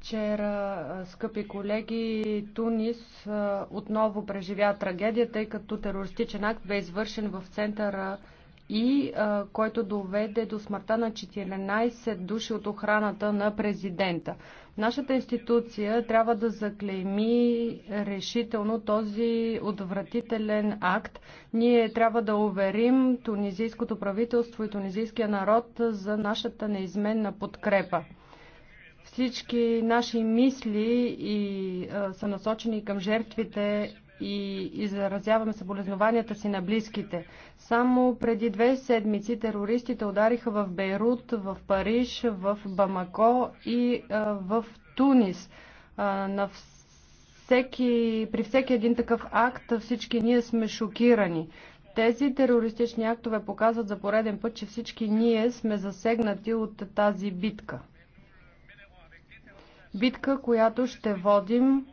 Вчера, скъпи колеги, Тунис отново преживя трагедия, тъй като терористичен акт бе извършен в центъра и който доведе до смъртта на 14 души от охраната на президента. Нашата институция трябва да заклейми решително този отвратителен акт. Ние трябва да уверим тунизийското правителство и тунизийския народ за нашата неизменна подкрепа. Всички наши мисли и, а, са насочени към жертвите и изразяваме съболезнованията си на близките. Само преди две седмици терористите удариха в Бейрут, в Париж, в Бамако и а, в Тунис. А, на всеки, при всеки един такъв акт всички ние сме шокирани. Тези терористични актове показват за пореден път, че всички ние сме засегнати от тази битка. Битка, която ще водим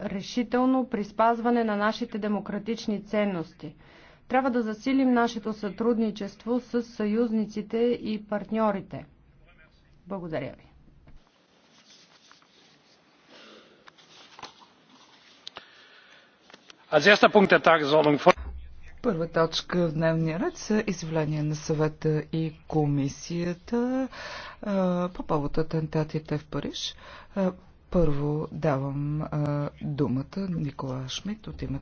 решително при спазване на нашите демократични ценности. Трябва да засилим нашето сътрудничество с съюзниците и партньорите. Благодаря ви. Als erster Punkt der Tagesordnung Първа точка в дневния ред са изявления на съвета и комисията по повод атентатите в Париж. Първо давам думата на Никола Шмидт от името